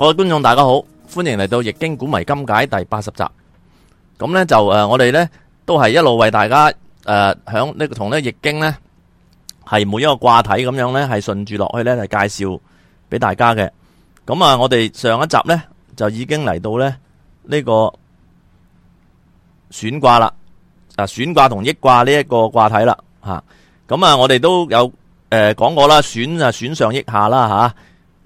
各位觀眾大家好，歡迎嚟到《易經古謎今解》第八十集。咁呢，就誒，我哋呢都係一路為大家誒，響呢同呢《易經》呢係每一個卦體咁樣呢係順住落去呢係介紹俾大家嘅。咁啊，我哋上一集呢就已經嚟到呢呢、這個損卦啦，啊損卦同益卦呢一個卦體啦吓。咁啊，我哋都有誒、呃、講過啦，損啊損上益下啦吓，啊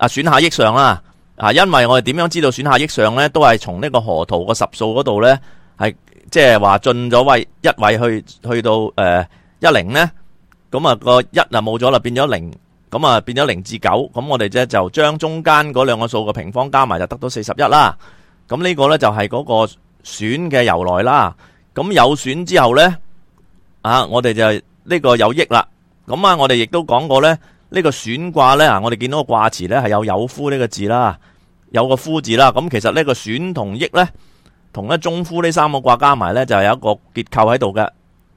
損下益上啦。啊，因為我哋點樣知道選下益上咧，都係從呢個河圖個十數嗰度咧，係即係話進咗位一位去去到誒、呃、一零咧，咁、那、啊個一就冇咗啦，變咗零，咁啊變咗零,零至九，咁我哋咧就將中間嗰兩個數嘅平方加埋，就得到四十一啦。咁呢個咧就係嗰個選嘅由來啦。咁有選之後咧，啊我哋就呢、呢個有益啦。咁啊，我哋亦都講過咧。呢個損卦咧，我哋見到個卦辭咧係有有孚呢個字啦，有個孚字啦。咁其實呢個損同益咧，同一中孚呢三個卦加埋咧就係有一個結構喺度嘅，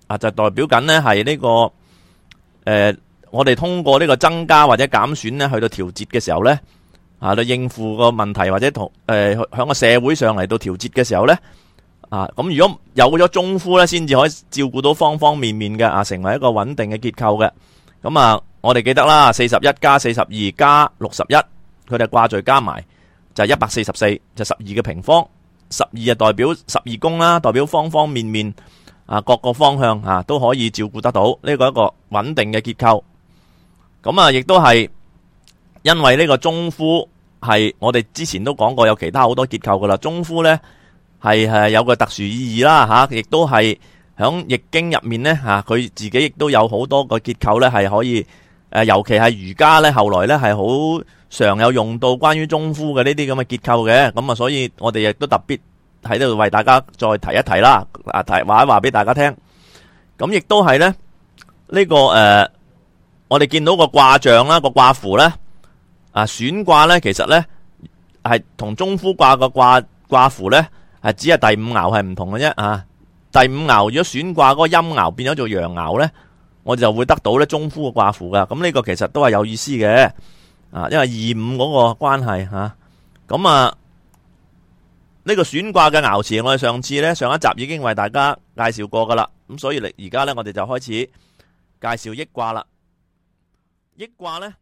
啊就代表緊呢、這個，係呢個誒，我哋通過呢個增加或者減損咧去到調節嘅時候咧，啊去應付個問題或者同誒響個社會上嚟到調節嘅時候咧，啊咁如果有咗中孚咧，先至可以照顧到方方面面嘅啊，成為一個穩定嘅結構嘅，咁啊。.我哋記得啦，四十一加四十二加六十一，佢哋係卦序加埋，就一百四十四，就十二嘅平方。十二啊，代表十二宮啦，代表方方面面啊，各個方向吓、啊、都可以照顧得到。呢、這個一個穩定嘅結構。咁啊，亦都係因為呢個中孚係我哋之前都講過，有其他好多結構噶啦。中孚呢，係係有個特殊意義啦吓、啊，亦都係響易經入面呢，吓、啊，佢自己亦都有好多個結構呢，係可以。誒，尤其係瑜伽咧，後來咧係好常有用到關於中孚嘅呢啲咁嘅結構嘅，咁啊，所以我哋亦都特別喺度為大家再提一提啦，啊，提話一話俾大家聽。咁亦都係咧，呢、這個誒、呃，我哋見到個卦象啦，個卦符咧，啊，損卦咧，其實咧係同中孚卦個卦卦符咧係只係第五爻係唔同嘅啫啊，第五爻如果損卦嗰個陰爻變咗做陽爻咧我就會得到咧中孚嘅卦符噶，咁、這、呢個其實都係有意思嘅，啊，因為二五嗰個關係吓，咁啊呢、這個損卦嘅爻辭，我哋上次呢上一集已經為大家介紹過噶啦，咁所以嚟而家呢，我哋就開始介紹益卦啦，益卦呢。